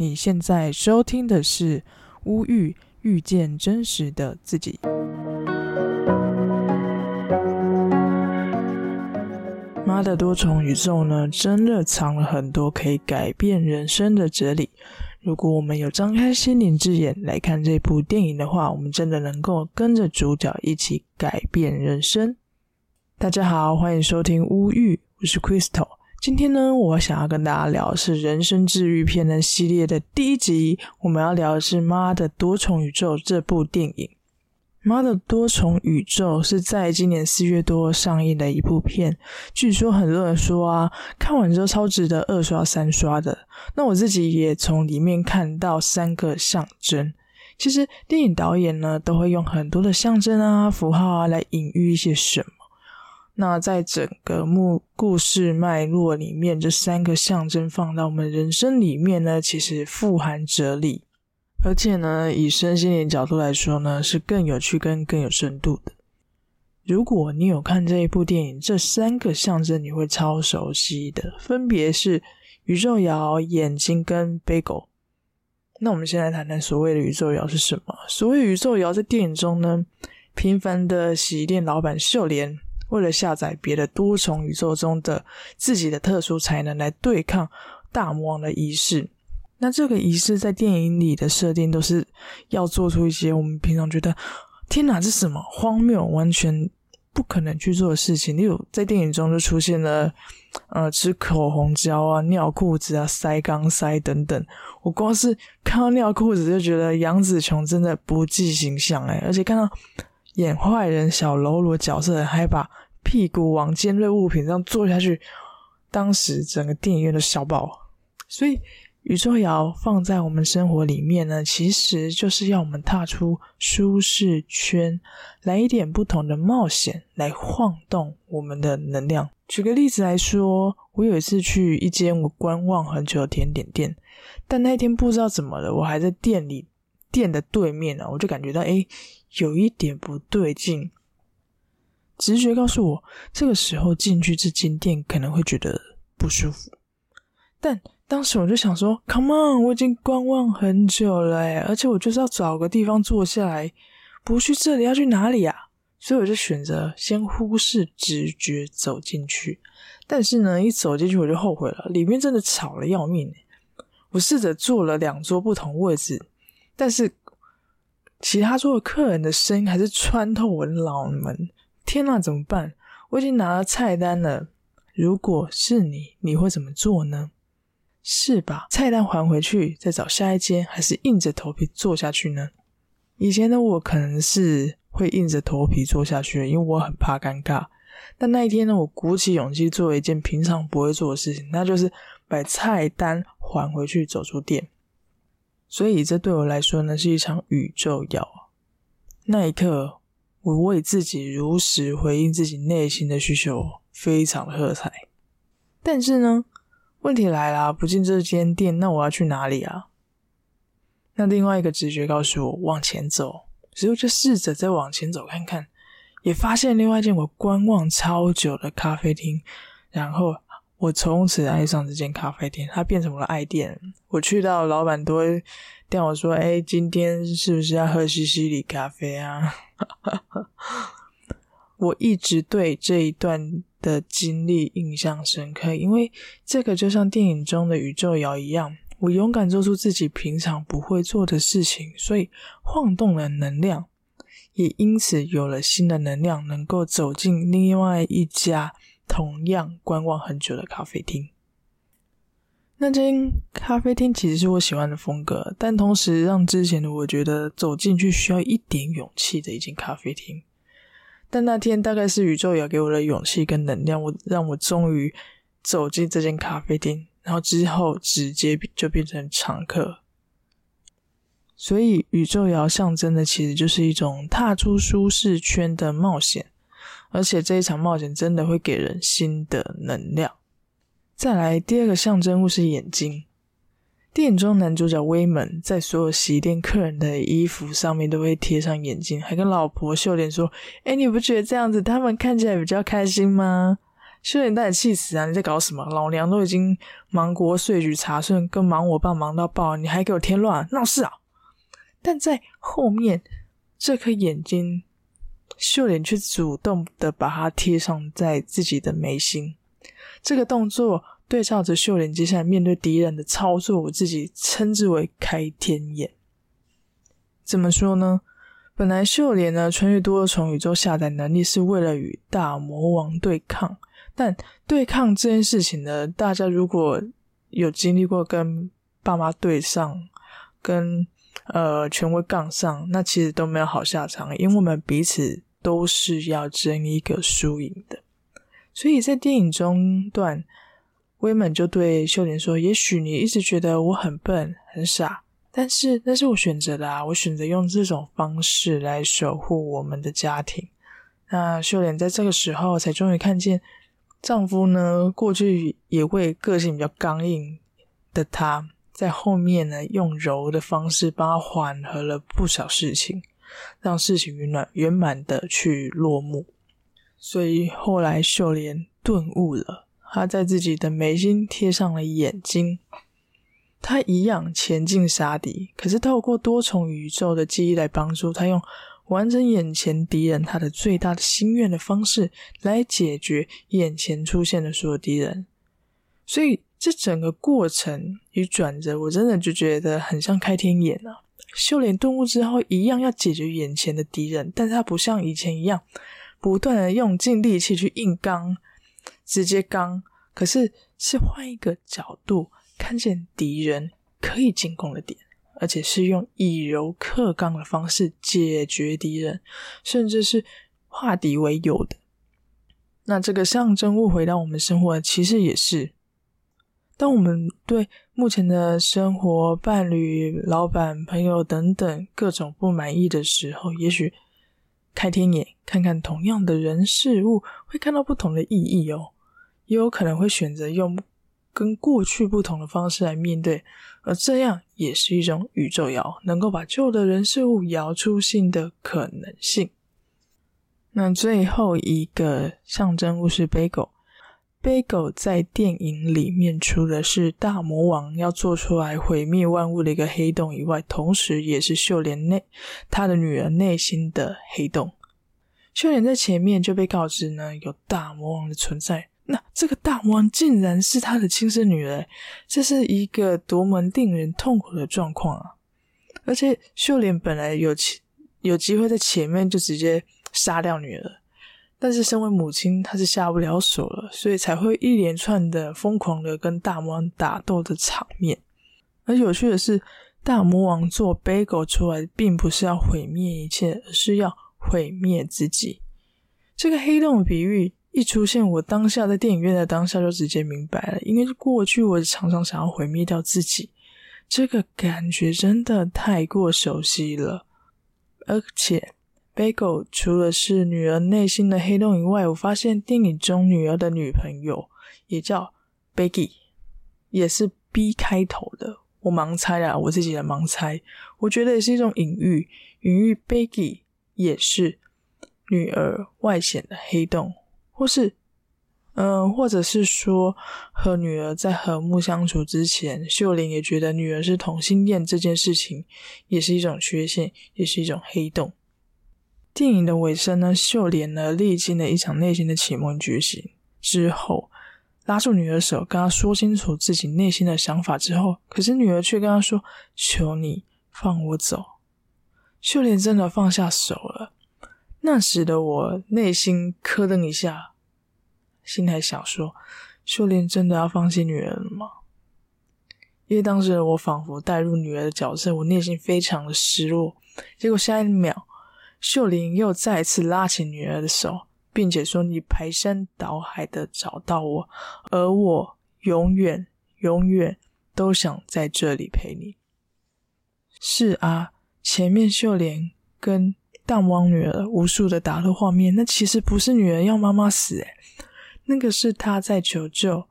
你現在收聽的是《烏玉遇見真實的自己》。媽的多重宇宙呢，真的藏了很多可以改變人生的哲理。如果我們有張開心靈之眼來看這部電影的話，我們真的能夠跟着主角一起改變人生。大家好，歡迎收聽《烏玉》，我是 Crystal。今天呢，我想要跟大家聊的是人生治癒片單系列的第一集。我們要聊的是《媽的多重宇宙》這部電影。《媽的多重宇宙》是在今年四月多上映的一部片，據說很多人說啊，看完之後超值得二刷三刷的。那我自己也從裡面看到三個象徵。其實電影導演呢，都會用很多的象徵啊、符號啊來隱喻一些什麼。那在整個目故事脈絡裡面，這三個象徵放到我們人生裡面呢，其實富含哲理，而且呢，以身心靈角度來說呢，是更有趣跟更有深度的。如果你有看這一部電影，這三個象徵你會超熟悉的，分別是宇宙搖、眼睛跟貝果。那我們先來談談所謂的宇宙搖是什麼？所謂宇宙搖在電影中呢，平凡的洗衣店老闆秀蓮，為了下載別的多重宇宙中的自己的特殊才能來對抗大魔王的儀式，那這個儀式在電影裡的設定都是要做出一些我們平常覺得天哪，這什麼荒謬，完全不可能去做的事情。例如在電影中就出現了，呃，吃口紅膠啊，尿褲子啊，塞肛塞等等。我光是看到尿褲子就覺得楊紫瓊真的不計形象哎，而且看到。演壞人小嘍囉角色，還把屁股往尖銳物品上坐下去，當時整個電影院都笑爆。所以宇宙搖放在我們生活裡面呢，其實就是要我們踏出舒適圈，來一點不同的冒險，來晃動我們的能量。舉個例子來說，我有一次去一間我觀望很久的甜點店，但那一天不知道怎麼了，我還在店裡店的對面呢、啊，我就感覺到誒、欸有一點不對勁，直覺告訴我，這個時候進去這間店可能會覺得不舒服。但當時我就想說：“Come on，我已經觀望很久了，欸，而且我就是要找個地方坐下來。不去這裡要去哪裡啊？”所以我就選擇先忽視直覺走進去。但是呢，一走進去我就後悔了，裡面真的吵了要命欸。我試着坐了兩桌不同位置，但是。其他桌客人的聲音還是穿透我的腦門，天哪，怎麼辦？我已經拿了菜單了。如果是你，你會怎麼做呢？是把菜單還回去，再找下一間，還是硬着頭皮坐下去呢？以前的我可能是會硬着頭皮坐下去，因為我很怕尷尬。但那一天呢，我鼓起勇氣做了一件平常不會做的事情，那就是把菜單還回去，走出店。所以這對我來說呢，是一場宇宙搖。那一刻，我為自己如實回應自己內心的需求，非常的喝彩。但是呢，問題來了啊，不進這間店，那我要去哪裡啊？那另外一個直覺告訴我往前走，所以我就試著再往前走看看，也發現另外一間我觀望超久的咖啡廳，然後。我從此愛上這間咖啡店，它變成我的愛店。我去到老闆，老闆都會我說：“哎、欸，今天是不是要喝西、嗯、西里咖啡啊？” 我一直對這一段的經歷印象深刻，因為這個就像電影中的宇宙搖一樣，我勇敢做出自己平常不會做的事情，所以晃動了能量，也因此有了新的能量，能夠走進另外一家。同樣觀望很久的咖啡廳，那間咖啡廳其實是我喜歡的風格，但同時讓之前的我覺得走進去需要一點勇氣的一間咖啡廳。但那天大概是宇宙搖給我的勇氣跟能量，我讓我終於走進這間咖啡廳，然後之後直接就變成常客。所以宇宙搖象徵的其實就是一種踏出舒適圈的冒險。而且這一場冒險真的會給人新的能量。再來，第二個象徵物是眼睛。電影中男主角威門在所有洗衣店客人的衣服上面都會貼上眼睛，還跟老婆秀蓮說：“哎、欸，你不覺得這樣子他們看起來比較開心嗎？”秀蓮：“帶你氣死啊！你在搞什麼？老娘都已經忙國稅局查稅跟忙我爸忙到爆，你還給我添亂、啊，鬧事啊！”但在後面，這顆眼睛。秀蓮卻主動的把它貼上在自己的眉心，這個動作對照着秀蓮接下來面對敵人的操作，我自己稱之為“開天眼”。怎麼說呢？本來秀蓮呢，穿越多重宇宙下載能力是為了與大魔王對抗，但對抗這件事情呢，大家如果有經歷過跟爸媽對上，跟。呃，權威槓上，那其實都沒有好下場，因為我們彼此都是要爭一個輸贏的。所以在電影中段，威猛就對秀蓮說：“也許你一直覺得我很笨、很傻，但是但是我選擇了啊，我選擇用這種方式來守護我們的家庭。”那秀蓮在這個時候才終於看見丈夫呢，過去也會個性比較剛硬的他。在後面呢，用柔的方式幫他緩和了不少事情，讓事情圓滿圓滿的去落幕。所以後來秀蓮頓悟了，他在自己的眉心貼上了眼睛，他一樣前進殺敵，可是透過多重宇宙的記憶來幫助他，用完成眼前敵人他的最大的心願的方式來解決眼前出現的所有敵人。所以。這整個過程與轉折，我真的就覺得很像開天眼啊！秀蓮頓悟之後，一樣要解決眼前的敵人，但是他不像以前一樣，不斷的用盡力氣去硬剛，直接剛，可是是換一個角度看見敵人可以進攻的點，而且是用以柔克剛的方式解決敵人，甚至是化敵為友的。那這個象徵物回到我們生活，其實也是。當我們對目前的生活、伴侶、老板、朋友等等各種不滿意的時候，也許開天眼看看同樣的人事物，會看到不同的意義哦。也有可能會選擇用跟過去不同的方式來面對，而這樣也是一種宇宙搖，能夠把舊的人事物搖出新的可能性。那最後一個象徵物是貝果。Bagel 在電影裡面，除了是大魔王要做出來毀滅萬物的一個黑洞以外，同時也是秀蓮內她的女兒內心的黑洞。秀蓮在前面就被告知呢，有大魔王的存在，那這個大魔王竟然是她的親生女兒，欸，這是一個多麼令人痛苦的狀況啊！而且秀蓮本來有有機會在前面就直接殺掉女兒。但是，身為母親，她是下不了手了，所以才會一連串的瘋狂的跟大魔王打鬥的場面。而有趣的是，大魔王做 bagel 出來，並不是要毀滅一切，而是要毀滅自己。這個黑洞的比喻一出現，我當下在電影院的當下就直接明白了，因為過去我常常想要毀滅掉自己，這個感覺真的太過熟悉了，而且，Bagel 除了是女兒內心的黑洞以外，我發現電影中女兒的女朋友也叫 Baggy，也是 B 開頭的。我盲猜啊，我自己也盲猜，我覺得也是一種隱喻，隱喻 Baggy 也是女兒外顯的黑洞，或是嗯、呃，或者是說和女兒在和睦相處之前，秀蓮也覺得女兒是同性戀這件事情也是一種缺陷，也是一種黑洞。電影的尾聲呢，秀蓮呢歷經了一場內心的啟蒙覺醒之後，拉住女兒手，跟她說清楚自己內心的想法之後，可是女兒卻跟她說：“求你放我走。”秀蓮真的放下手了。那時的我內心咯噔一下，心裡還想說：“秀蓮真的要放棄女兒了嗎？”因為當時的我仿佛帶入女兒的角色，我內心非常的失落。結果下一秒。秀蓮又再一次拉起女兒的手，並且說：“你排山倒海的找到我，而我永遠、永遠都想在這裡陪你。”是啊，前面秀蓮跟蛋汪女兒無數的打鬥畫面，那其實不是女兒要媽媽死。欸，那個是她在求救。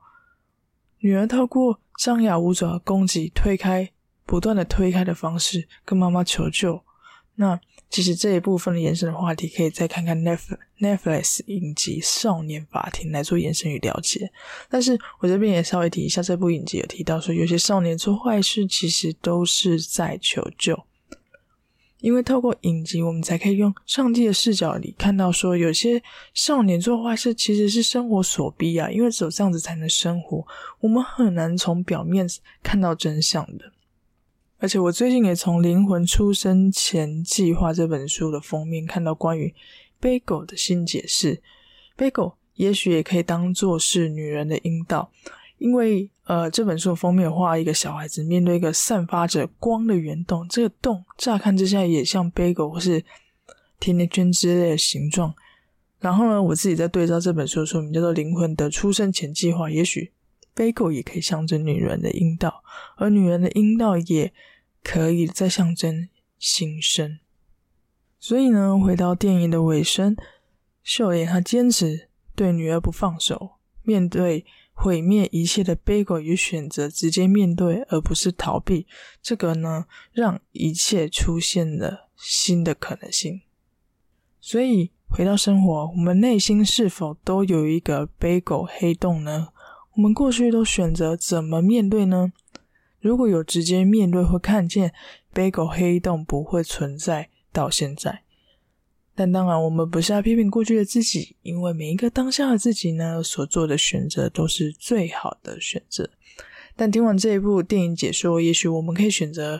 女兒透過張牙舞爪、攻擊、推開、不斷的推開的方式，跟媽媽求救。那其實這一部分的延伸的話題，可以再看看 Netflix 影集《少年法庭》來做延伸與了解。但是，我這邊也稍微提一下，這部影集有提到說，有些少年做壞事其實都是在求救，因為透過影集，我們才可以用上帝的視角裡看到，說有些少年做壞事其實是生活所逼啊，因為只有這樣子才能生活。我們很難從表面看到真相的。而且我最近也從《靈魂出生前計劃》這本書的封面看到關於 “bagel” 的新解釋，“bagel” 也許也可以當作是女人的陰道，因為呃，這本書的封面畫一個小孩子面對一個散發着光的圓洞，這個洞乍看之下也像 “bagel” 或是甜甜圈之類的形狀。然後呢，我自己在對照這本書的書名叫做《靈魂的出生前計劃》，也許。貝果也可以象徵女人的陰道，而女人的陰道也可以再象徵新生。所以呢，回到電影的尾聲，秀蓮她堅持對女兒不放手，面對毀滅一切的貝果，也選擇直接面對而不是逃避，這個呢，讓一切出現了新的可能性。所以回到生活，我們內心是否都有一個貝果黑洞呢？我們過去都選擇怎麼面對呢？如果有直接面對或看見，Bagel 黑洞不會存在到現在。但當然，我們不是要批評過去的自己，因為每一個當下的自己呢，所做的選擇都是最好的選擇。但聽完這一部電影解說，也許我們可以選擇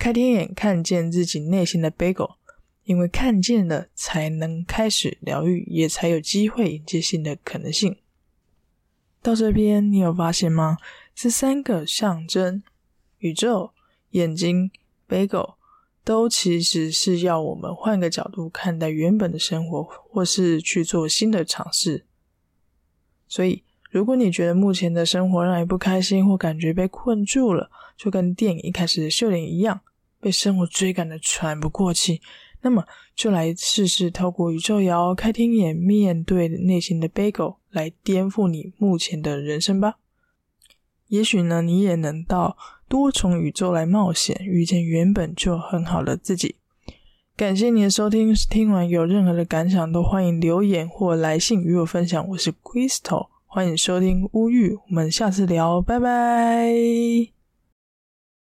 開天眼，看見自己內心的 Bagel，因為看見了，才能開始療癒，也才有機會迎接新的可能性。到這邊，你有發現嗎？這三個象徵宇宙、眼睛、貝果，都其實是要我們換個角度看待原本的生活，或是去做新的嘗試。所以，如果你覺得目前的生活讓你不開心，或感覺被困住了，就跟電影一開始秀蓮一樣，被生活追趕的喘不過氣。那麼，就來試試透過宇宙搖、開天眼，面對內心的 bagel，來顛覆你目前的人生吧。也許呢，你也能到多重宇宙來冒險，遇見原本就很好的自己。感謝你的收聽，聽完有任何的感想，都歡迎留言或來信與我分享。我是 Crystal，歡迎收聽《巫域》，我們下次聊，拜拜。